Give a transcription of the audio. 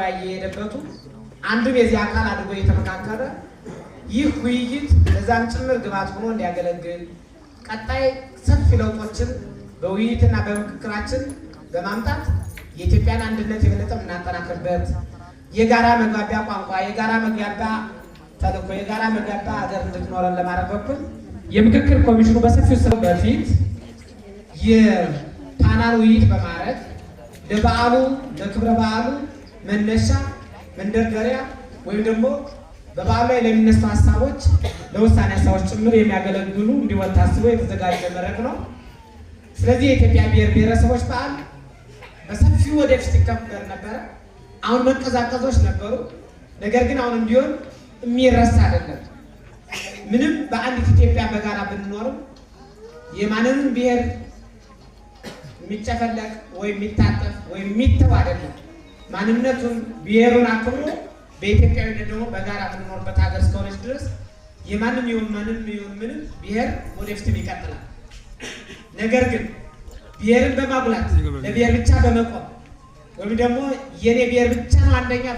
ጉባኤ እየሄደበቱ አንዱም የዚህ አካል አድርጎ እየተመካከረ ይህ ውይይት ለዛም ጭምር ግባት ሆኖ እንዲያገለግል ቀጣይ ሰፊ ለውጦችን በውይይትና በምክክራችን በማምጣት የኢትዮጵያን አንድነት የበለጠ የምናጠናክርበት የጋራ መግባቢያ ቋንቋ፣ የጋራ መግባቢያ ተልእኮ፣ የጋራ መግባቢያ ሀገር እንድትኖረን ለማድረግ በኩል የምክክር ኮሚሽኑ በሰፊው ስራ በፊት የፓናል ውይይት በማድረግ ለበዓሉ ለክብረ በዓሉ መነሻ መንደርደሪያ ወይም ደግሞ በበዓሉ ላይ ለሚነሱ ሀሳቦች ለውሳኔ ሀሳቦች ጭምር የሚያገለግሉ እንዲወት ታስቦ የተዘጋጀ መድረክ ነው። ስለዚህ የኢትዮጵያ ብሔር ብሔረሰቦች በዓል በሰፊው ወደፊት ይከበር ነበረ። አሁን መንቀዛቀዞች ነበሩ። ነገር ግን አሁንም ቢሆን የሚረሳ አይደለም። ምንም በአንዲት ኢትዮጵያ በጋራ ብንኖርም የማንንም ብሔር የሚጨፈለቅ ወይም የሚታጠፍ ወይም የሚተው አይደለም። ማንነቱን ብሔሩን አክብሮ በኢትዮጵያዊነት ደግሞ በጋራ የምንኖርበት ሀገር እስከሆነች ድረስ የማንም ይሁን ማንም ይሁን ምንም ብሔር ወደፊትም ይቀጥላል። ነገር ግን ብሔርን በማጉላት ለብሔር ብቻ በመቆም ወይም ደግሞ የኔ ብሔር ብቻ ነው አንደኛ